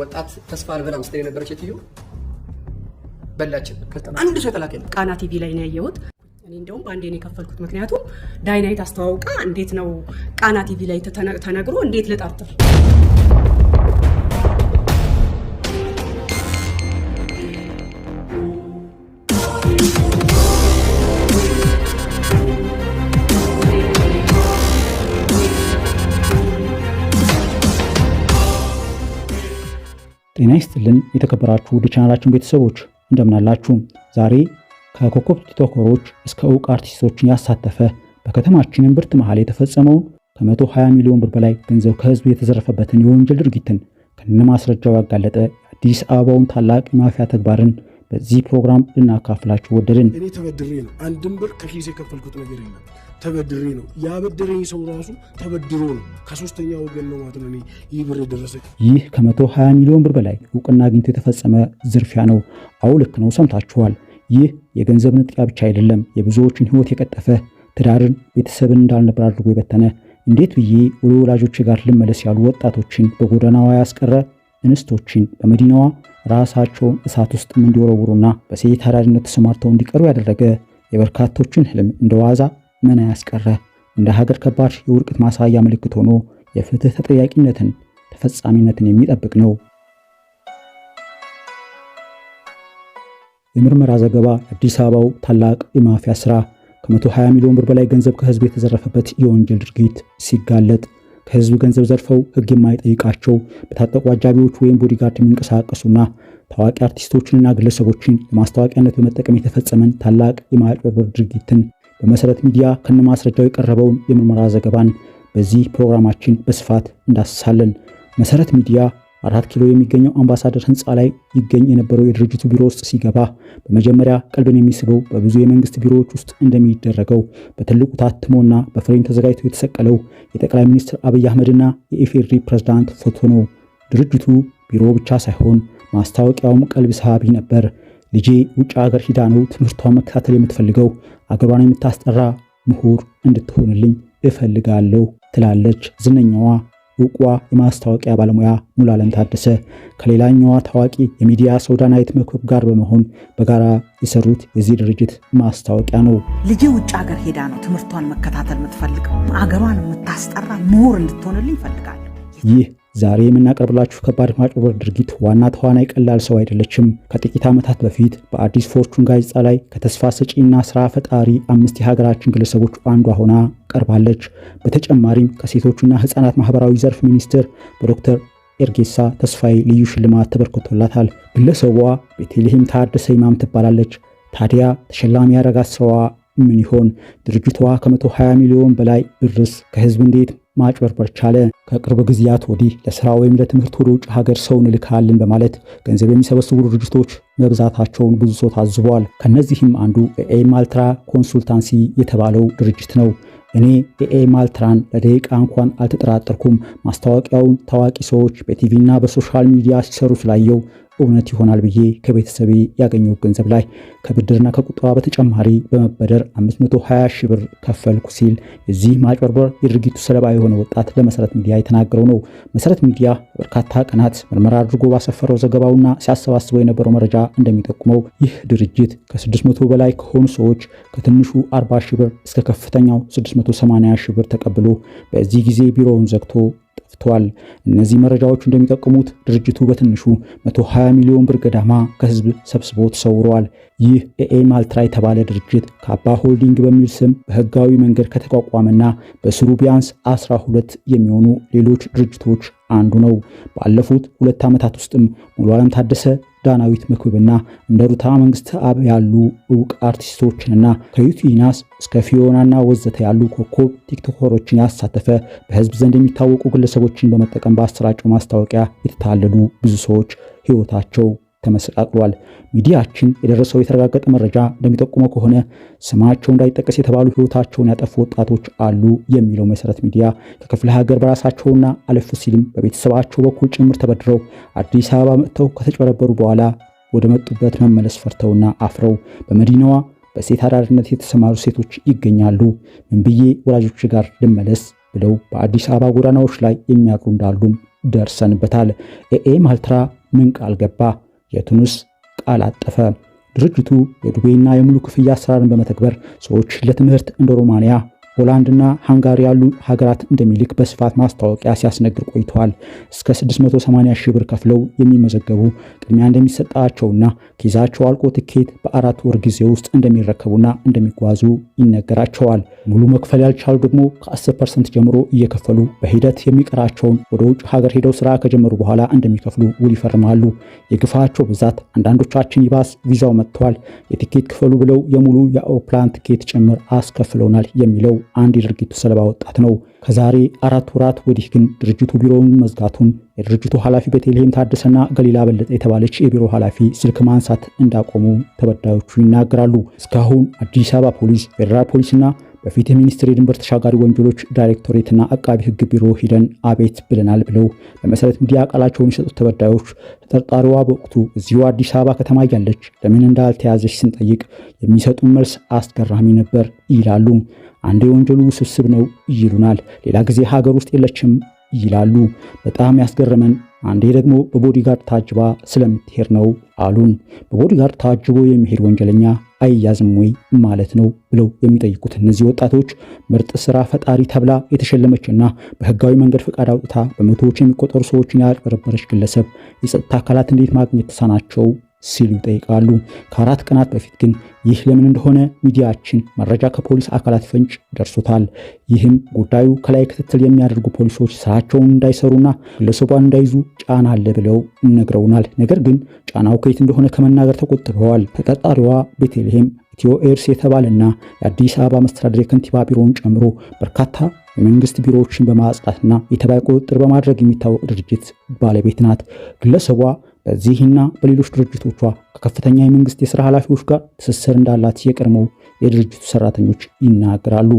ወጣት ተስፋ አልበላም ስትል የነበረች ትዩ በላችን። አንድ ሰው የተላከ ቃና ቲቪ ላይ ነው ያየሁት። እኔ እንደውም በአንዴ ነው የከፈልኩት። ምክንያቱም ዳይናይት አስተዋውቃ እንዴት ነው ቃና ቲቪ ላይ ተነግሮ እንዴት ልጠርጥር ጤና ይስጥልን የተከበራችሁ ወደ ቻናላችን ቤተሰቦች እንደምናላችሁ። ዛሬ ከኮከብ ቲክቶከሮች እስከ እውቅ አርቲስቶችን ያሳተፈ በከተማችንን ብርት መሃል የተፈጸመውን ከ120 ሚሊዮን ብር በላይ ገንዘብ ከህዝብ የተዘረፈበትን የወንጀል ድርጊትን ከነ ማስረጃው ያጋለጠ አዲስ አበባውን ታላቅ የማፊያ ተግባርን በዚህ ፕሮግራም ልናካፍላችሁ ወደድን። እኔ ተበድሬ ነው፣ አንድም ብር ከኪስ የከፈልኩት ነገር የለም። ተበድሬ ነው። ያበደረኝ ሰው ራሱ ተበድሮ ነው፣ ከሶስተኛ ወገን ነው ማለት ነው። ይህ ብር የደረሰ ይህ ከ120 ሚሊዮን ብር በላይ እውቅና አግኝቶ የተፈጸመ ዝርፊያ ነው። አው ልክ ነው፣ ሰምታችኋል። ይህ የገንዘብ ንጥቂያ ብቻ አይደለም፣ የብዙዎችን ህይወት የቀጠፈ ትዳርን፣ ቤተሰብን እንዳልነበር አድርጎ የበተነ እንዴት ብዬ ወደ ወላጆች ጋር ልመለስ ያሉ ወጣቶችን በጎዳናዋ ያስቀረ እንስቶችን በመዲናዋ ራሳቸውን እሳት ውስጥም እንዲወረውሩና በሴት አዳሪነት ተሰማርተው እንዲቀሩ ያደረገ የበርካቶችን ህልም እንደ ዋዛ መና ያስቀረ እንደ ሀገር ከባድ የውድቀት ማሳያ ምልክት ሆኖ የፍትህ ተጠያቂነትን ተፈጻሚነትን የሚጠብቅ ነው። የምርመራ ዘገባ የአዲስ አበባው ታላቅ የማፊያ ስራ ከ120 ሚሊዮን ብር በላይ ገንዘብ ከህዝብ የተዘረፈበት የወንጀል ድርጊት ሲጋለጥ ከህዝብ ገንዘብ ዘርፈው ህግ የማይጠይቃቸው በታጠቁ አጃቢዎች ወይም ቦዲጋርድ የሚንቀሳቀሱና ታዋቂ አርቲስቶችንና ግለሰቦችን ለማስታወቂያነት በመጠቀም የተፈጸመን ታላቅ የማጭበርበር ድርጊትን በመሰረት ሚዲያ ከነማስረጃው የቀረበውን የምርመራ ዘገባን በዚህ ፕሮግራማችን በስፋት እንዳስሳለን። መሰረት ሚዲያ አራት ኪሎ የሚገኘው አምባሳደር ህንፃ ላይ ይገኝ የነበረው የድርጅቱ ቢሮ ውስጥ ሲገባ በመጀመሪያ ቀልብን የሚስበው በብዙ የመንግስት ቢሮዎች ውስጥ እንደሚደረገው በትልቁ ታትሞና በፍሬም ተዘጋጅቶ የተሰቀለው የጠቅላይ ሚኒስትር አብይ አህመድና የኢፌዴሪ ፕሬዝዳንት ፎቶ ነው። ድርጅቱ ቢሮ ብቻ ሳይሆን ማስታወቂያውም ቀልብ ሳቢ ነበር። ልጄ ውጭ ሀገር ሂዳ ነው ትምህርቷን መከታተል የምትፈልገው አገሯን የምታስጠራ ምሁር እንድትሆንልኝ እፈልጋለሁ ትላለች ዝነኛዋ እውቋ የማስታወቂያ ባለሙያ ሙሉዓለም ታደሰ ከሌላኛዋ ታዋቂ የሚዲያ ሶዳናዊት መክብብ ጋር በመሆን በጋራ የሰሩት የዚህ ድርጅት ማስታወቂያ ነው። ልጄ ውጭ ሀገር ሄዳ ነው ትምህርቷን መከታተል የምትፈልገው፣ አገሯን የምታስጠራ ምሁር እንድትሆንልኝ ይፈልጋል። ይህ ዛሬ የምናቀርብላችሁ ከባድ ማጭበርበር ድርጊት ዋና ተዋናይ ቀላል ሰው አይደለችም። ከጥቂት ዓመታት በፊት በአዲስ ፎርቹን ጋዜጣ ላይ ከተስፋ ሰጪና ስራ ፈጣሪ አምስት የሀገራችን ግለሰቦች አንዷ ሆና ቀርባለች። በተጨማሪም ከሴቶችና ህፃናት ማህበራዊ ዘርፍ ሚኒስትር በዶክተር ኤርጌሳ ተስፋዬ ልዩ ሽልማት ተበርክቶላታል። ግለሰቧ ቤተልሔም ታደሰ ይማም ትባላለች። ታዲያ ተሸላሚ ያደረጋት ሰዋ ምን ይሆን? ድርጅቷ ከ120 ሚሊዮን በላይ ብርስ ከህዝብ እንዴት ማጭበርበር ቻለ። ከቅርብ ጊዜያት ወዲህ ለስራ ወይም ለትምህርት ወደ ውጭ ሀገር ሰው እንልካለን በማለት ገንዘብ የሚሰበስቡ ድርጅቶች መብዛታቸውን ብዙ ሰው ታዝቧል። ከእነዚህም አንዱ ኤኤም አልትራ ኮንሱልታንሲ የተባለው ድርጅት ነው። እኔ ኤኤም አልትራን ለደቂቃ እንኳን አልተጠራጠርኩም። ማስታወቂያውን ታዋቂ ሰዎች በቲቪና በሶሻል ሚዲያ ሲሰሩ ስላየው እውነት ይሆናል ብዬ ከቤተሰቤ ያገኘው ገንዘብ ላይ ከብድርና ከቁጠባ በተጨማሪ በመበደር 520 ሺህ ብር ከፈልኩ ሲል የዚህ ማጭበርበር የድርጊቱ ሰለባ የሆነ ወጣት ለመሰረት ሚዲያ የተናገረው ነው። መሰረት ሚዲያ በርካታ ቀናት ምርመራ አድርጎ ባሰፈረው ዘገባውና ሲያሰባስበው የነበረው መረጃ እንደሚጠቁመው ይህ ድርጅት ከ600 በላይ ከሆኑ ሰዎች ከትንሹ 40 ሺህ ብር እስከ ከፍተኛው 680 ሺህ ብር ተቀብሎ በዚህ ጊዜ ቢሮውን ዘግቶ አጥፍተዋል። እነዚህ መረጃዎች እንደሚጠቅሙት ድርጅቱ በትንሹ 120 ሚሊዮን ብር ገዳማ ከህዝብ ሰብስቦ ተሰውረዋል። ይህ ኤኤም የተባለ ድርጅት ከአባ ሆልዲንግ በሚል ስም በህጋዊ መንገድ ከተቋቋመና በስሩ ቢያንስ 12 የሚሆኑ ሌሎች ድርጅቶች አንዱ ነው። ባለፉት ሁለት ዓመታት ውስጥም ሙሉ ዓለም ታደሰ ዳናዊት ምክብና እንደ ሩታ መንግስት አብ ያሉ እውቅ አርቲስቶችንና ከዩቲናስ እስከ ፊዮናና ወዘተ ያሉ ኮከብ ቲክቶከሮችን ያሳተፈ በህዝብ ዘንድ የሚታወቁ ግለሰቦችን በመጠቀም በአሰራጨው ማስታወቂያ የተታለሉ ብዙ ሰዎች ህይወታቸው ተመሰቃቅሏል። ሚዲያችን የደረሰው የተረጋገጠ መረጃ እንደሚጠቁመው ከሆነ ስማቸው እንዳይጠቀስ የተባሉ ህይወታቸውን ያጠፉ ወጣቶች አሉ የሚለው መሰረት ሚዲያ ከክፍለ ሀገር በራሳቸውና አለፍ ሲልም በቤተሰባቸው በኩል ጭምር ተበድረው አዲስ አበባ መጥተው ከተጨበረበሩ በኋላ ወደ መጡበት መመለስ ፈርተውና አፍረው በመዲናዋ በሴት አዳሪነት የተሰማሩ ሴቶች ይገኛሉ። ምን ብዬ ወላጆች ጋር ልመለስ ብለው በአዲስ አበባ ጎዳናዎች ላይ የሚያቅሩ እንዳሉም ደርሰንበታል። ኤኤም አልትራ ምን ቃል ገባ? የቱኑስ ቃል አጠፈ። ድርጅቱ የዱቤና የሙሉ ክፍያ አሰራርን በመተግበር ሰዎች ለትምህርት እንደ ሮማንያ ሆላንድና ሃንጋሪ ያሉ ሀገራት እንደሚልክ በስፋት ማስታወቂያ ሲያስነግር ቆይተዋል። እስከ 680 ሺህ ብር ከፍለው የሚመዘገቡ ቅድሚያ እንደሚሰጣቸውና ኪዛቸው አልቆ ትኬት በአራት ወር ጊዜ ውስጥ እንደሚረከቡና እንደሚጓዙ ይነገራቸዋል። ሙሉ መክፈል ያልቻሉ ደግሞ ከ10 ፐርሰንት ጀምሮ እየከፈሉ በሂደት የሚቀራቸውን ወደ ውጭ ሀገር ሄደው ስራ ከጀመሩ በኋላ እንደሚከፍሉ ውል ይፈርማሉ። የግፋቸው ብዛት አንዳንዶቻችን ይባስ ቪዛው መጥተዋል የትኬት ክፈሉ ብለው የሙሉ የአውሮፕላን ትኬት ጭምር አስከፍለውናል የሚለው አንድ የድርጊቱ ሰለባ ወጣት ነው። ከዛሬ አራት ወራት ወዲህ ግን ድርጅቱ ቢሮውን መዝጋቱን የድርጅቱ ኃላፊ ቤተልሔም ታደሰና ገሊላ በለጠ የተባለች የቢሮ ኃላፊ ስልክ ማንሳት እንዳቆሙ ተበዳዮቹ ይናገራሉ። እስካሁን አዲስ አበባ ፖሊስ፣ ፌዴራል ፖሊስና በፊት ሚኒስትር የድንበር ተሻጋሪ ወንጀሎች ዳይሬክቶሬትና አቃቢ ሕግ ቢሮ ሂደን አቤት ብለናል ብለው በመሰረት ሚዲያ ቃላቸውን የሰጡት ተበዳዮች ተጠርጣሪዋ በወቅቱ እዚሁ አዲስ አበባ ከተማ እያለች ለምን እንዳልተያዘች ስንጠይቅ የሚሰጡን መልስ አስገራሚ ነበር ይላሉ። አንድ የወንጀሉ ውስብስብ ነው ይሉናል። ሌላ ጊዜ ሀገር ውስጥ የለችም ይላሉ። በጣም ያስገረመን አንዴ ደግሞ በቦዲጋርድ ታጅባ ስለምትሄድ ነው አሉን። በቦዲጋርድ ታጅቦ የሚሄድ ወንጀለኛ አይያዝም ወይ ማለት ነው ብለው የሚጠይቁት እነዚህ ወጣቶች ምርጥ ስራ ፈጣሪ ተብላ የተሸለመችና በህጋዊ መንገድ ፈቃድ አውጥታ በመቶዎች የሚቆጠሩ ሰዎችን ያጭበረበረች ግለሰብ የጸጥታ አካላት እንዴት ማግኘት ተሳናቸው ሲሉ ይጠይቃሉ። ከአራት ቀናት በፊት ግን ይህ ለምን እንደሆነ ሚዲያችን መረጃ ከፖሊስ አካላት ፍንጭ ደርሶታል። ይህም ጉዳዩ ከላይ ክትትል የሚያደርጉ ፖሊሶች ስራቸውን እንዳይሰሩና ግለሰቧን እንዳይዙ ጫና አለ ብለው ነግረውናል። ነገር ግን ጫናው ከየት እንደሆነ ከመናገር ተቆጥበዋል። ተጠርጣሪዋ ቤተልሔም ኢትዮ ኤርስ የተባለና የአዲስ አበባ መስተዳደር የከንቲባ ቢሮውን ጨምሮ በርካታ የመንግስት ቢሮዎችን በማጽዳትና የተባይ ቁጥጥር በማድረግ የሚታወቅ ድርጅት ባለቤት ናት። ግለሰቧ በዚህና በሌሎች ድርጅቶቿ ከከፍተኛ የመንግስት የስራ ኃላፊዎች ጋር ትስስር እንዳላት የቀድሞው የድርጅቱ ሰራተኞች ይናገራሉ።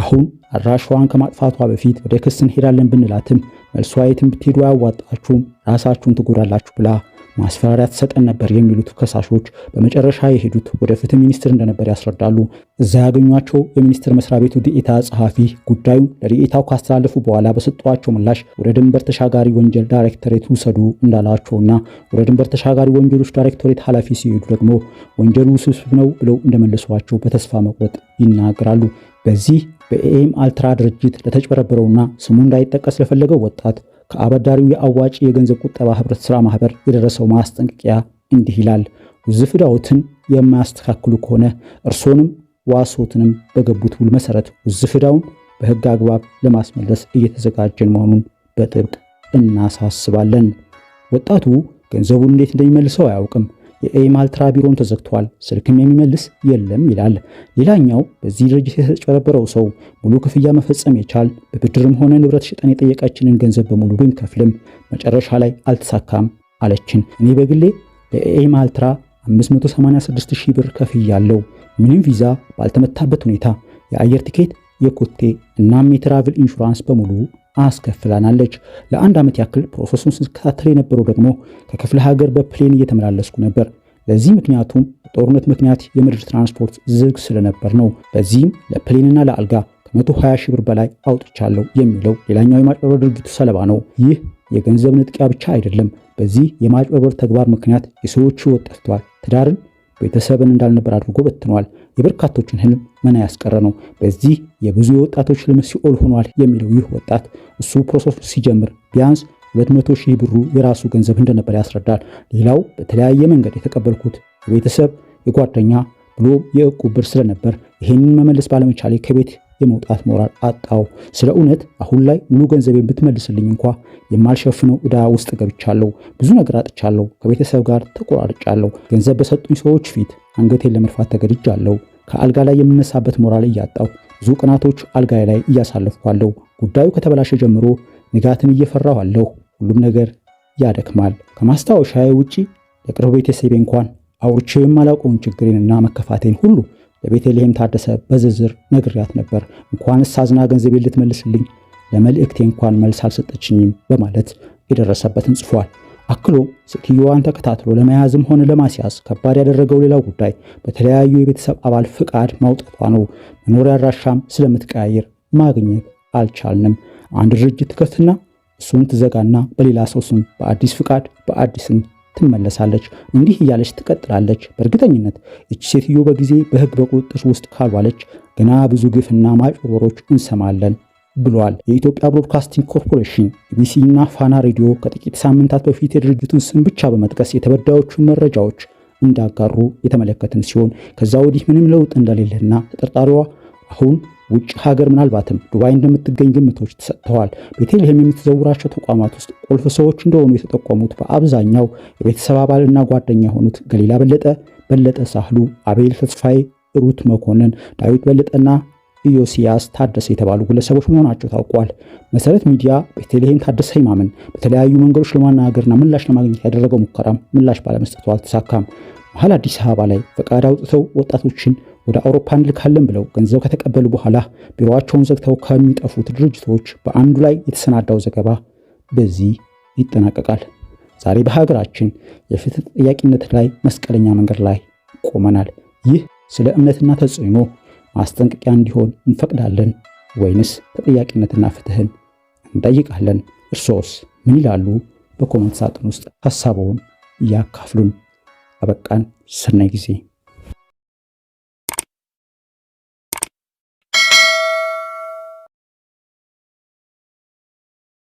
አሁን አድራሻዋን ከማጥፋቷ በፊት ወደ ክስ እንሄዳለን ብንላትም መልሷ የትም ብትሄዱ አያዋጣችሁም፣ ራሳችሁን ትጎዳላችሁ ብላ ማስፈራሪያ ትሰጠን ነበር የሚሉት ከሳሾች በመጨረሻ የሄዱት ወደ ፍትህ ሚኒስትር እንደነበር ያስረዳሉ። እዛ ያገኟቸው የሚኒስቴር መስሪያ ቤቱ ዲኢታ ጸሐፊ ጉዳዩን ለዲኢታው ካስተላለፉ በኋላ በሰጧቸው ምላሽ ወደ ድንበር ተሻጋሪ ወንጀል ዳይሬክቶሬት ውሰዱ እንዳላቸውና ወደ ድንበር ተሻጋሪ ወንጀሎች ዳይሬክቶሬት ኃላፊ ሲሄዱ ደግሞ ወንጀሉ ውስብስብ ነው ብለው እንደመለሷቸው በተስፋ መቁረጥ ይናገራሉ። በዚህ በኤኤም አልትራ ድርጅት ለተጭበረበረውና ስሙ እንዳይጠቀስ ለፈለገው ወጣት ከአበዳሪው የአዋጭ የገንዘብ ቁጠባ ህብረት ስራ ማህበር የደረሰው ማስጠንቀቂያ እንዲህ ይላል። ውዝፍ ዕዳዎትን የማያስተካክሉ ከሆነ እርሶንም ዋሶትንም በገቡት ውል መሰረት ውዝፍ ዕዳውን በህግ አግባብ ለማስመለስ እየተዘጋጀን መሆኑን በጥብቅ እናሳስባለን። ወጣቱ ገንዘቡን እንዴት እንደሚመልሰው አያውቅም። የኤማልትራ ቢሮም ተዘግቷል፣ ስልክም የሚመልስ የለም ይላል። ሌላኛው በዚህ ድርጅት የተጨበረበረው ሰው ሙሉ ክፍያ መፈጸም የቻል በብድርም ሆነ ንብረት ሽጠን የጠየቃችንን ገንዘብ በሙሉ ብንከፍልም መጨረሻ ላይ አልተሳካም አለችን። እኔ በግሌ ለኤማልትራ 586 ሺህ ብር ከፍያለሁ። ምንም ቪዛ ባልተመታበት ሁኔታ የአየር ቲኬት፣ የኮቴ እናም የትራቭል ኢንሹራንስ በሙሉ አስከፍላናለች። ለአንድ ዓመት ያክል ፕሮሰሱን ስንከታተል የነበረው ደግሞ ከክፍለ ሀገር በፕሌን እየተመላለስኩ ነበር። ለዚህ ምክንያቱም በጦርነት ምክንያት የምድር ትራንስፖርት ዝግ ስለነበር ነው። በዚህም ለፕሌንና ለአልጋ ከ120 ሺህ ብር በላይ አውጥቻለሁ የሚለው ሌላኛው የማጭበርበር ድርጊቱ ሰለባ ነው። ይህ የገንዘብ ንጥቂያ ብቻ አይደለም። በዚህ የማጭበርበር ተግባር ምክንያት የሰዎች ሕይወት ጠፍቷል፣ ትዳርን ቤተሰብን እንዳልነበር አድርጎ በትኗል። የበርካቶችን ህልም መና ያስቀረ ነው። በዚህ የብዙ ወጣቶች ህልም ሲኦል ሆኗል የሚለው ይህ ወጣት እሱ ፕሮሰሱ ሲጀምር ቢያንስ 200 ሺህ ብሩ የራሱ ገንዘብ እንደነበር ያስረዳል። ሌላው በተለያየ መንገድ የተቀበልኩት የቤተሰብ የጓደኛ ብሎ የእቁብ ብር ስለነበር ይህንን መመለስ ባለመቻሌ ከቤት የመውጣት ሞራል አጣው። ስለ እውነት አሁን ላይ ሙሉ ገንዘቤን ብትመልስልኝ እንኳ የማልሸፍነው ዕዳ ውስጥ ገብቻለሁ። ብዙ ነገር አጥቻለሁ። ከቤተሰብ ጋር ተቆራርጫለሁ። ገንዘብ በሰጡኝ ሰዎች ፊት አንገቴን ለመድፋት ተገድጃለሁ። ከአልጋ ላይ የምነሳበት ሞራል እያጣሁ ብዙ ቀናቶች አልጋ ላይ እያሳለፍኳለሁ። ጉዳዩ ከተበላሸ ጀምሮ ንጋትን እየፈራሁ አለሁ። ሁሉም ነገር ያደክማል። ከማስታወሻዬ ውጪ ለቅርብ ቤተሰቤ እንኳን አውርቼ የማላውቀውን ችግሬንና መከፋቴን ሁሉ ለቤተልሔም ታደሰ በዝርዝር ነግሪያት ነበር። እንኳንስ አዝና ገንዘቤን ልትመልስልኝ ለመልእክቴ እንኳን መልስ አልሰጠችኝም በማለት የደረሰበትን ጽፏል። አክሎ ሴትዮዋን ተከታትሎ ለመያዝም ሆነ ለማስያዝ ከባድ ያደረገው ሌላው ጉዳይ በተለያዩ የቤተሰብ አባል ፍቃድ ማውጣቷ ነው። መኖሪያ አድራሻም ስለምትቀያየር ማግኘት አልቻልንም። አንድ ድርጅት ትከፍትና እሱን ትዘጋና በሌላ ሰው ስም በአዲስ ፍቃድ በአዲስም ትመለሳለች። እንዲህ እያለች ትቀጥላለች። በእርግጠኝነት እች ሴትዮ በጊዜ በህግ በቁጥጥር ውስጥ ካልዋለች ገና ብዙ ግፍና ማጭበርበሮች እንሰማለን ብሏል። የኢትዮጵያ ብሮድካስቲንግ ኮርፖሬሽን ኢቢሲ እና ፋና ሬዲዮ ከጥቂት ሳምንታት በፊት የድርጅቱን ስም ብቻ በመጥቀስ የተበዳዮቹን መረጃዎች እንዳጋሩ የተመለከትን ሲሆን ከዛ ወዲህ ምንም ለውጥ እንደሌለና ተጠርጣሪዋ አሁን ውጭ ሀገር ምናልባትም ዱባይ እንደምትገኝ ግምቶች ተሰጥተዋል። ቤተልሔም የምትዘውራቸው ተቋማት ውስጥ ቁልፍ ሰዎች እንደሆኑ የተጠቆሙት በአብዛኛው የቤተሰብ አባልና ጓደኛ የሆኑት ገሊላ በለጠ፣ በለጠ ሳህሉ፣ አቤል ተስፋዬ፣ ሩት መኮንን፣ ዳዊት በለጠና ኢዮስያስ ታደሰ የተባሉ ግለሰቦች መሆናቸው ታውቋል። መሰረት ሚዲያ ቤተልሔም ታደሰ ይማምን በተለያዩ መንገዶች ለማናገርና ምላሽ ለማግኘት ያደረገው ሙከራም ምላሽ ባለመስጠቱ አልተሳካም። መሀል አዲስ አበባ ላይ ፈቃድ አውጥተው ወጣቶችን ወደ አውሮፓ እንልካለን ብለው ገንዘብ ከተቀበሉ በኋላ ቢሮዋቸውን ዘግተው ከሚጠፉት ድርጅቶች በአንዱ ላይ የተሰናዳው ዘገባ በዚህ ይጠናቀቃል። ዛሬ በሀገራችን የፍትህ ተጠያቂነት ላይ መስቀለኛ መንገድ ላይ ቆመናል። ይህ ስለ እምነትና ተጽዕኖ ማስጠንቀቂያ እንዲሆን እንፈቅዳለን ወይንስ ተጠያቂነትና ፍትህን እንጠይቃለን? እርሶስ ምን ይላሉ? በኮመንት ሳጥን ውስጥ ሀሳቦውን እያካፍሉን። አበቃን። ሰናይ ጊዜ